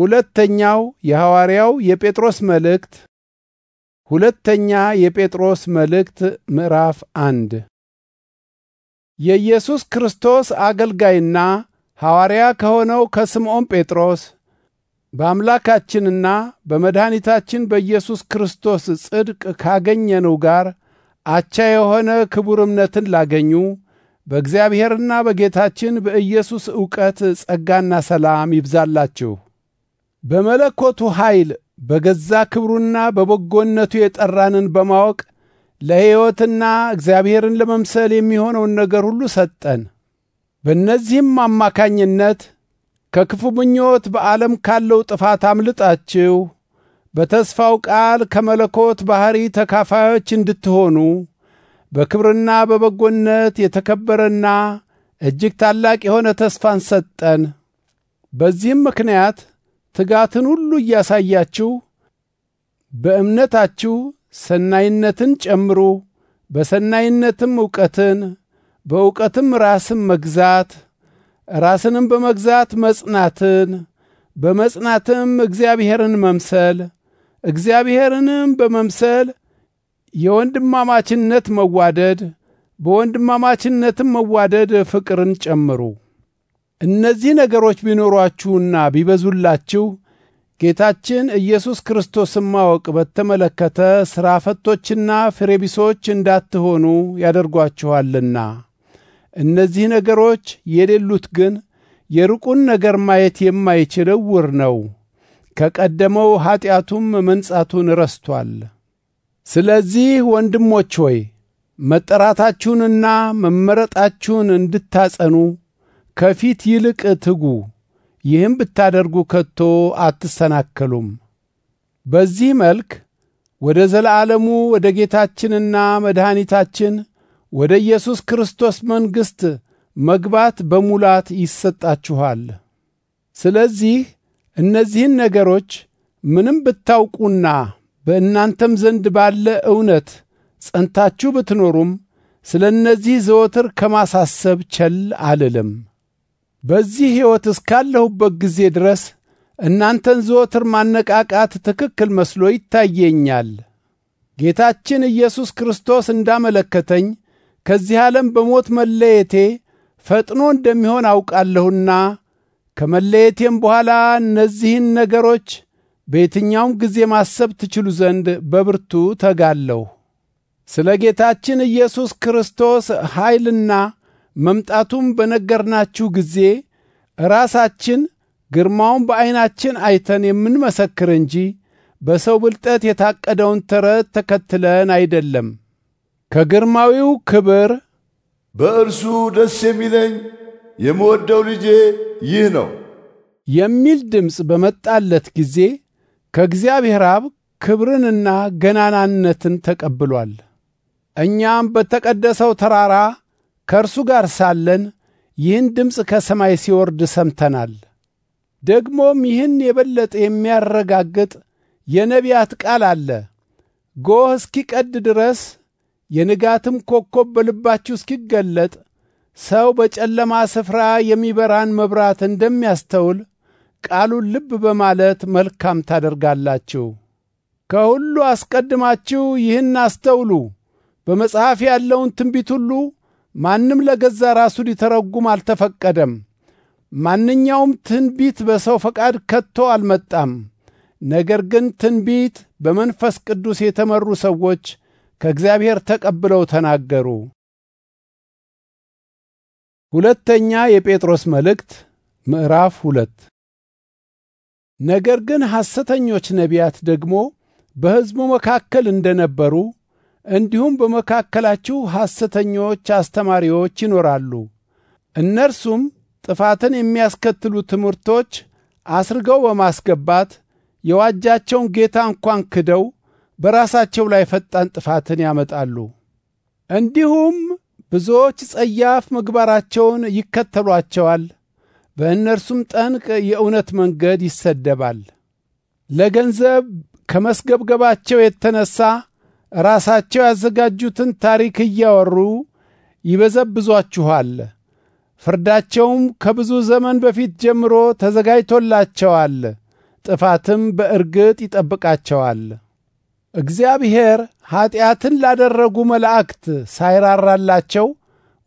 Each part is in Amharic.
ሁለተኛው የሐዋርያው የጴጥሮስ መልእክት ሁለተኛ የጴጥሮስ መልእክት ምዕራፍ አንድ የኢየሱስ ክርስቶስ አገልጋይና ሐዋርያ ከሆነው ከስምዖን ጴጥሮስ በአምላካችንና በመድኃኒታችን በኢየሱስ ክርስቶስ ጽድቅ ካገኘነው ጋር አቻ የሆነ ክቡር እምነትን ላገኙ በእግዚአብሔርና በጌታችን በኢየሱስ ዕውቀት ጸጋና ሰላም ይብዛላችሁ። በመለኮቱ ኃይል በገዛ ክብሩና በበጎነቱ የጠራንን በማወቅ ለሕይወትና እግዚአብሔርን ለመምሰል የሚሆነውን ነገር ሁሉ ሰጠን። በእነዚህም አማካኝነት ከክፉ ምኞት በዓለም ካለው ጥፋት አምልጣችሁ በተስፋው ቃል ከመለኮት ባሕሪ ተካፋዮች እንድትሆኑ በክብርና በበጎነት የተከበረና እጅግ ታላቅ የሆነ ተስፋን ሰጠን። በዚህም ምክንያት ትጋትን ሁሉ እያሳያችሁ በእምነታችሁ ሰናይነትን ጨምሩ፣ በሰናይነትም እውቀትን፣ በእውቀትም ራስን መግዛት፣ ራስንም በመግዛት መጽናትን፣ በመጽናትም እግዚአብሔርን መምሰል፣ እግዚአብሔርንም በመምሰል የወንድማማችነት መዋደድ፣ በወንድማማችነትም መዋደድ ፍቅርን ጨምሩ። እነዚህ ነገሮች ቢኖሯችሁና ቢበዙላችሁ ጌታችን ኢየሱስ ክርስቶስን ማወቅ በተመለከተ ሥራ ፈቶችና ፍሬቢሶች እንዳትሆኑ ያደርጓችኋልና። እነዚህ ነገሮች የሌሉት ግን የሩቁን ነገር ማየት የማይችል ውር ነው፣ ከቀደመው ኀጢአቱም መንጻቱን ረስቶአል። ስለዚህ ወንድሞች ሆይ መጠራታችሁንና መመረጣችሁን እንድታጸኑ ከፊት ይልቅ ትጉ፣ ይህም ብታደርጉ ከቶ አትሰናከሉም። በዚህ መልክ ወደ ዘለዓለሙ ወደ ጌታችንና መድኃኒታችን ወደ ኢየሱስ ክርስቶስ መንግሥት መግባት በሙላት ይሰጣችኋል። ስለዚህ እነዚህን ነገሮች ምንም ብታውቁና በእናንተም ዘንድ ባለ እውነት ጸንታችሁ ብትኖሩም ስለ እነዚህ ዘወትር ከማሳሰብ ቸል አልልም። በዚህ ሕይወት እስካለሁበት ጊዜ ድረስ እናንተን ዘወትር ማነቃቃት ትክክል መስሎ ይታየኛል። ጌታችን ኢየሱስ ክርስቶስ እንዳመለከተኝ ከዚህ ዓለም በሞት መለየቴ ፈጥኖ እንደሚሆን አውቃለሁና ከመለየቴም በኋላ እነዚህን ነገሮች በየትኛውም ጊዜ ማሰብ ትችሉ ዘንድ በብርቱ ተጋለሁ። ስለ ጌታችን ኢየሱስ ክርስቶስ ኃይልና መምጣቱም በነገርናችሁ ጊዜ ራሳችን ግርማውን በዐይናችን አይተን የምንመሰክር እንጂ በሰው ብልጠት የታቀደውን ተረት ተከትለን አይደለም። ከግርማዊው ክብር በእርሱ ደስ የሚለኝ የምወደው ልጄ ይህ ነው የሚል ድምፅ በመጣለት ጊዜ ከእግዚአብሔር አብ ክብርንና ገናናነትን ተቀብሏል። እኛም በተቀደሰው ተራራ ከእርሱ ጋር ሳለን ይህን ድምፅ ከሰማይ ሲወርድ ሰምተናል። ደግሞም ይህን የበለጠ የሚያረጋግጥ የነቢያት ቃል አለ። ጎህ እስኪቀድ ድረስ የንጋትም ኮከብ በልባችሁ እስኪገለጥ ሰው በጨለማ ስፍራ የሚበራን መብራት እንደሚያስተውል ቃሉን ልብ በማለት መልካም ታደርጋላችሁ። ከሁሉ አስቀድማችሁ ይህን አስተውሉ፣ በመጽሐፍ ያለውን ትንቢት ሁሉ ማንም ለገዛ ራሱ ሊተረጉም አልተፈቀደም። ማንኛውም ትንቢት በሰው ፈቃድ ከቶ አልመጣም። ነገር ግን ትንቢት በመንፈስ ቅዱስ የተመሩ ሰዎች ከእግዚአብሔር ተቀብለው ተናገሩ። ሁለተኛ የጴጥሮስ መልእክት ምዕራፍ ሁለት ነገር ግን ሐሰተኞች ነቢያት ደግሞ በሕዝቡ መካከል እንደነበሩ እንዲሁም በመካከላችሁ ሐሰተኞች አስተማሪዎች ይኖራሉ። እነርሱም ጥፋትን የሚያስከትሉ ትምህርቶች አስርገው በማስገባት የዋጃቸውን ጌታ እንኳን ክደው በራሳቸው ላይ ፈጣን ጥፋትን ያመጣሉ። እንዲሁም ብዙዎች ጸያፍ ምግባራቸውን ይከተሏቸዋል። በእነርሱም ጠንቅ የእውነት መንገድ ይሰደባል። ለገንዘብ ከመስገብገባቸው የተነሳ ራሳቸው ያዘጋጁትን ታሪክ እያወሩ ይበዘብዟችኋል። ፍርዳቸውም ከብዙ ዘመን በፊት ጀምሮ ተዘጋጅቶላቸዋል። ጥፋትም በእርግጥ ይጠብቃቸዋል። እግዚአብሔር ኀጢአትን ላደረጉ መላእክት ሳይራራላቸው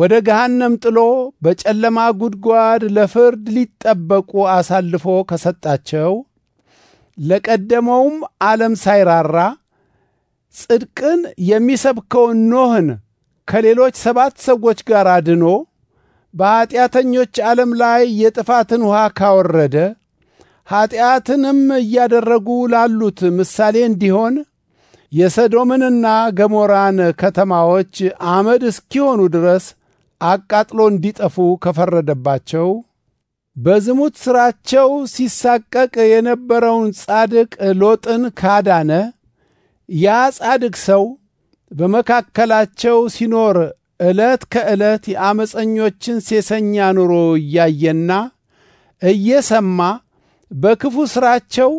ወደ ገሃነም ጥሎ በጨለማ ጉድጓድ ለፍርድ ሊጠበቁ አሳልፎ ከሰጣቸው ለቀደመውም ዓለም ሳይራራ ጽድቅን የሚሰብከውን ኖህን ከሌሎች ሰባት ሰዎች ጋር አድኖ በኀጢአተኞች ዓለም ላይ የጥፋትን ውሃ ካወረደ ኀጢአትንም እያደረጉ ላሉት ምሳሌ እንዲሆን የሰዶምንና ገሞራን ከተማዎች አመድ እስኪሆኑ ድረስ አቃጥሎ እንዲጠፉ ከፈረደባቸው በዝሙት ሥራቸው ሲሳቀቅ የነበረውን ጻድቅ ሎጥን ካዳነ ያ ጻድቅ ሰው በመካከላቸው ሲኖር ዕለት ከዕለት የአመፀኞችን ሴሰኛ ኑሮ እያየና እየሰማ በክፉ ሥራቸው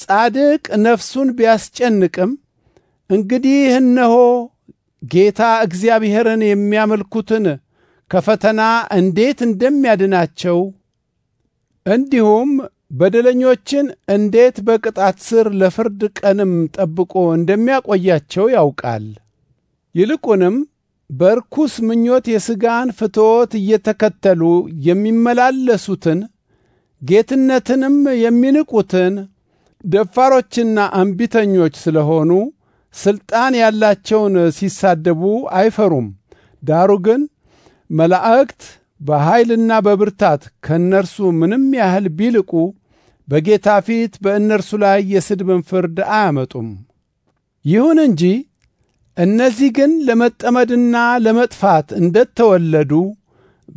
ጻድቅ ነፍሱን ቢያስጨንቅም እንግዲህ እነሆ ጌታ እግዚአብሔርን የሚያመልኩትን ከፈተና እንዴት እንደሚያድናቸው እንዲሁም በደለኞችን እንዴት በቅጣት ስር ለፍርድ ቀንም ጠብቆ እንደሚያቆያቸው ያውቃል። ይልቁንም በርኩስ ምኞት የሥጋን ፍትወት እየተከተሉ የሚመላለሱትን ጌትነትንም የሚንቁትን ደፋሮችና አንቢተኞች ስለሆኑ ስልጣን ያላቸውን ሲሳደቡ አይፈሩም። ዳሩ ግን መላእክት በኃይልና በብርታት ከእነርሱ ምንም ያህል ቢልቁ በጌታ ፊት በእነርሱ ላይ የስድብን ፍርድ አያመጡም። ይሁን እንጂ እነዚህ ግን ለመጠመድና ለመጥፋት እንደተወለዱ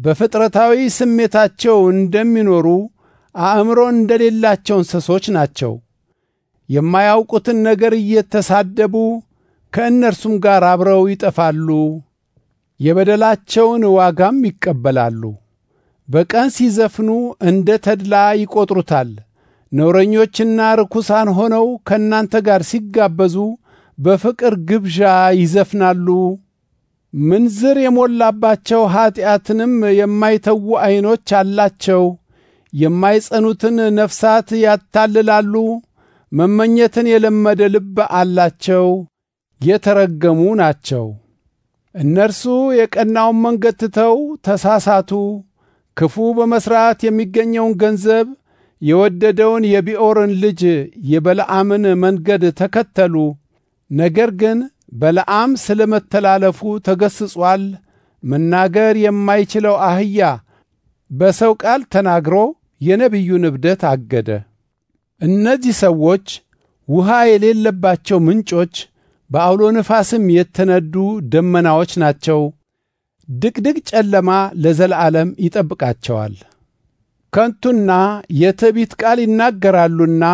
በፍጥረታዊ ስሜታቸው እንደሚኖሩ አእምሮ እንደሌላቸው እንስሶች ናቸው። የማያውቁትን ነገር እየተሳደቡ ከእነርሱም ጋር አብረው ይጠፋሉ፣ የበደላቸውን ዋጋም ይቀበላሉ። በቀን ሲዘፍኑ እንደ ተድላ ይቈጥሩታል። ነውረኞችና ርኩሳን ሆነው ከእናንተ ጋር ሲጋበዙ በፍቅር ግብዣ ይዘፍናሉ። ምንዝር የሞላባቸው ኀጢአትንም የማይተዉ ዐይኖች አላቸው። የማይጸኑትን ነፍሳት ያታልላሉ። መመኘትን የለመደ ልብ አላቸው። የተረገሙ ናቸው። እነርሱ የቀናውን መንገድ ትተው ተሳሳቱ። ክፉ በመሥራት የሚገኘውን ገንዘብ የወደደውን የቢኦርን ልጅ የበለዓምን መንገድ ተከተሉ። ነገር ግን በለዓም ስለ መተላለፉ ተገስጿል። መናገር የማይችለው አህያ በሰው ቃል ተናግሮ የነቢዩን እብደት አገደ። እነዚህ ሰዎች ውሃ የሌለባቸው ምንጮች፣ በአውሎ ነፋስም የተነዱ ደመናዎች ናቸው። ድቅድቅ ጨለማ ለዘላለም ይጠብቃቸዋል። ከንቱና የትዕቢት ቃል ይናገራሉና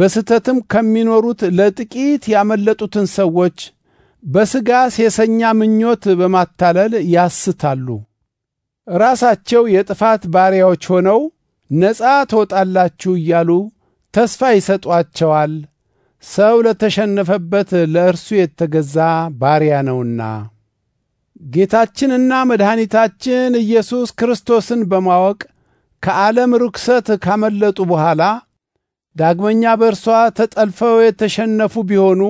በስተትም ከሚኖሩት ለጥቂት ያመለጡትን ሰዎች በስጋ ሴሰኛ ምኞት በማታለል ያስታሉ። ራሳቸው የጥፋት ባሪያዎች ሆነው ነጻ ትወጣላችሁ እያሉ ተስፋ ይሰጧቸዋል። ሰው ለተሸነፈበት ለእርሱ የተገዛ ባሪያ ነውና። ጌታችንና መድኃኒታችን ኢየሱስ ክርስቶስን በማወቅ ከዓለም ርኩሰት ካመለጡ በኋላ ዳግመኛ በእርሷ ተጠልፈው የተሸነፉ ቢሆኑ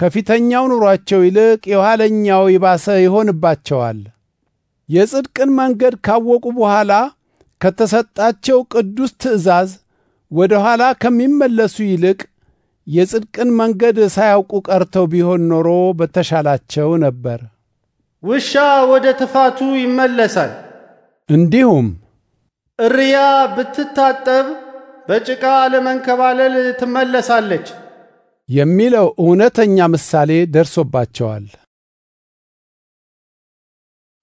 ከፊተኛው ኑሯቸው ይልቅ የኋለኛው ይባሰ ይሆንባቸዋል። የጽድቅን መንገድ ካወቁ በኋላ ከተሰጣቸው ቅዱስ ትእዛዝ ወደ ኋላ ከሚመለሱ ይልቅ የጽድቅን መንገድ ሳያውቁ ቀርተው ቢሆን ኖሮ በተሻላቸው ነበር። ውሻ ወደ ትፋቱ ይመለሳል። እንዲሁም እርያ ብትታጠብ በጭቃ ለመንከባለል ትመለሳለች የሚለው እውነተኛ ምሳሌ ደርሶባቸዋል።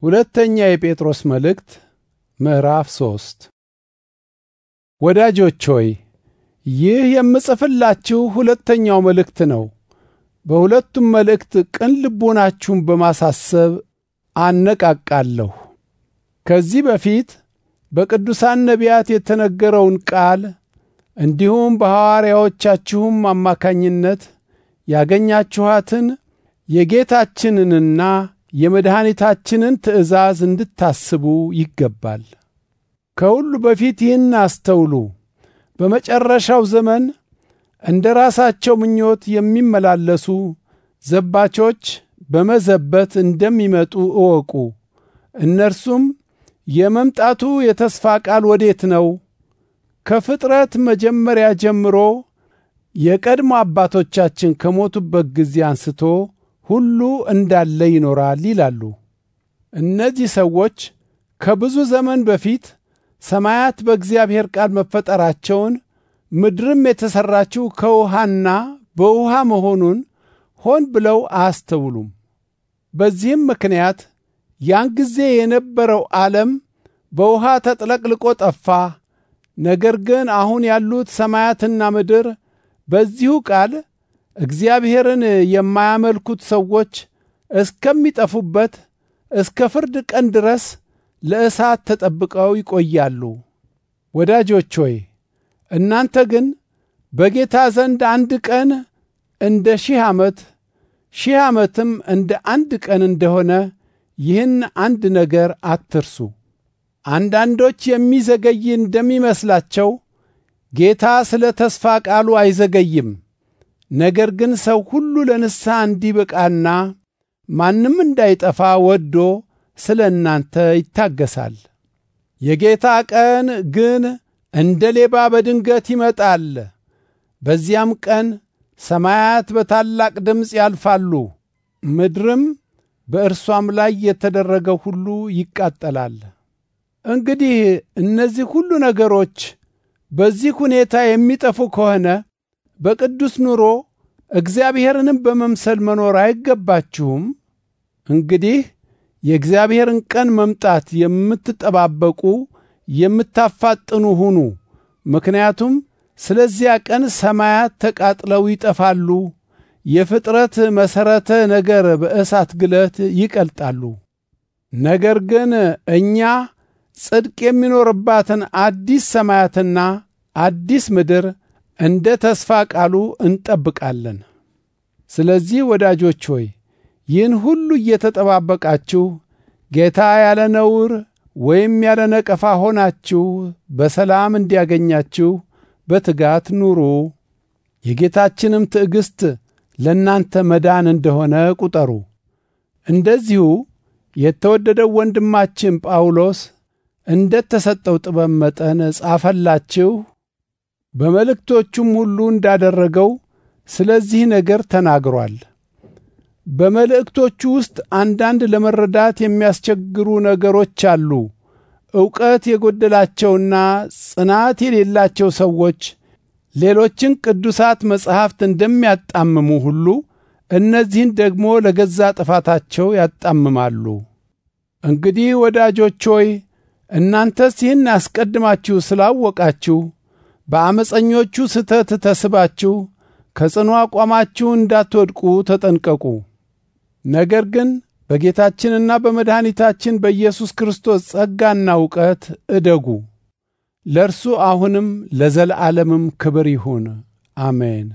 ሁለተኛ የጴጥሮስ መልእክት ምዕራፍ ሶስት ወዳጆች ሆይ ይህ የምጽፍላችሁ ሁለተኛው መልእክት ነው። በሁለቱም መልእክት ቅን ልቡናችሁን በማሳሰብ አነቃቃለሁ። ከዚህ በፊት በቅዱሳን ነቢያት የተነገረውን ቃል እንዲሁም በሐዋርያዎቻችሁም አማካኝነት ያገኛችኋትን የጌታችንንና የመድኃኒታችንን ትእዛዝ እንድታስቡ ይገባል። ከሁሉ በፊት ይህን አስተውሉ። በመጨረሻው ዘመን እንደ ራሳቸው ምኞት የሚመላለሱ ዘባቾች በመዘበት እንደሚመጡ እወቁ። እነርሱም የመምጣቱ የተስፋ ቃል ወዴት ነው? ከፍጥረት መጀመሪያ ጀምሮ የቀድሞ አባቶቻችን ከሞቱበት ጊዜ አንስቶ ሁሉ እንዳለ ይኖራል ይላሉ። እነዚህ ሰዎች ከብዙ ዘመን በፊት ሰማያት በእግዚአብሔር ቃል መፈጠራቸውን ምድርም የተሠራችው ከውሃና በውሃ መሆኑን ሆን ብለው አያስተውሉም። በዚህም ምክንያት ያን ጊዜ የነበረው ዓለም በውሃ ተጥለቅልቆ ጠፋ። ነገር ግን አሁን ያሉት ሰማያትና ምድር በዚሁ ቃል እግዚአብሔርን የማያመልኩት ሰዎች እስከሚጠፉበት እስከ ፍርድ ቀን ድረስ ለእሳት ተጠብቀው ይቆያሉ። ወዳጆች ሆይ እናንተ ግን በጌታ ዘንድ አንድ ቀን እንደ ሺህ ዓመት ሺህ ዓመትም እንደ አንድ ቀን እንደሆነ ይህን አንድ ነገር አትርሱ። አንዳንዶች የሚዘገይ እንደሚመስላቸው ጌታ ስለ ተስፋ ቃሉ አይዘገይም። ነገር ግን ሰው ሁሉ ለንስሐ እንዲበቃና ማንም እንዳይጠፋ ወዶ ስለ እናንተ ይታገሳል። የጌታ ቀን ግን እንደ ሌባ በድንገት ይመጣል። በዚያም ቀን ሰማያት በታላቅ ድምፅ ያልፋሉ፣ ምድርም በእርሷም ላይ የተደረገው ሁሉ ይቃጠላል። እንግዲህ እነዚህ ሁሉ ነገሮች በዚህ ሁኔታ የሚጠፉ ከሆነ በቅዱስ ኑሮ እግዚአብሔርንም በመምሰል መኖር አይገባችሁም? እንግዲህ የእግዚአብሔርን ቀን መምጣት የምትጠባበቁ የምታፋጥኑ ሁኑ። ምክንያቱም ስለዚያ ቀን ሰማያት ተቃጥለው ይጠፋሉ የፍጥረት መሰረተ ነገር በእሳት ግለት ይቀልጣሉ። ነገር ግን እኛ ጽድቅ የሚኖርባትን አዲስ ሰማያትና አዲስ ምድር እንደ ተስፋ ቃሉ እንጠብቃለን። ስለዚህ ወዳጆች ሆይ ይህን ሁሉ እየተጠባበቃችሁ ጌታ ያለ ነውር ወይም ያለ ነቀፋ ሆናችሁ በሰላም እንዲያገኛችሁ በትጋት ኑሩ። የጌታችንም ትዕግሥት ለእናንተ መዳን እንደሆነ ቁጠሩ። እንደዚሁ የተወደደው ወንድማችን ጳውሎስ እንደ ተሰጠው ጥበብ መጠን ጻፈላችሁ። በመልእክቶቹም ሁሉ እንዳደረገው ስለዚህ ነገር ተናግሯል። በመልእክቶቹ ውስጥ አንዳንድ ለመረዳት የሚያስቸግሩ ነገሮች አሉ። ዕውቀት የጎደላቸውና ጽናት የሌላቸው ሰዎች ሌሎችን ቅዱሳት መጻሕፍት እንደሚያጣምሙ ሁሉ እነዚህን ደግሞ ለገዛ ጥፋታቸው ያጣምማሉ። እንግዲህ ወዳጆች ሆይ እናንተስ ይህን አስቀድማችሁ ስላወቃችሁ በአመፀኞቹ ስተት ተስባችሁ ከጽኑ አቋማችሁ እንዳትወድቁ ተጠንቀቁ። ነገር ግን በጌታችንና በመድኃኒታችን በኢየሱስ ክርስቶስ ጸጋና እውቀት እደጉ። ለእርሱ አሁንም ለዘለዓለምም ክብር ይሁን፣ አሜን።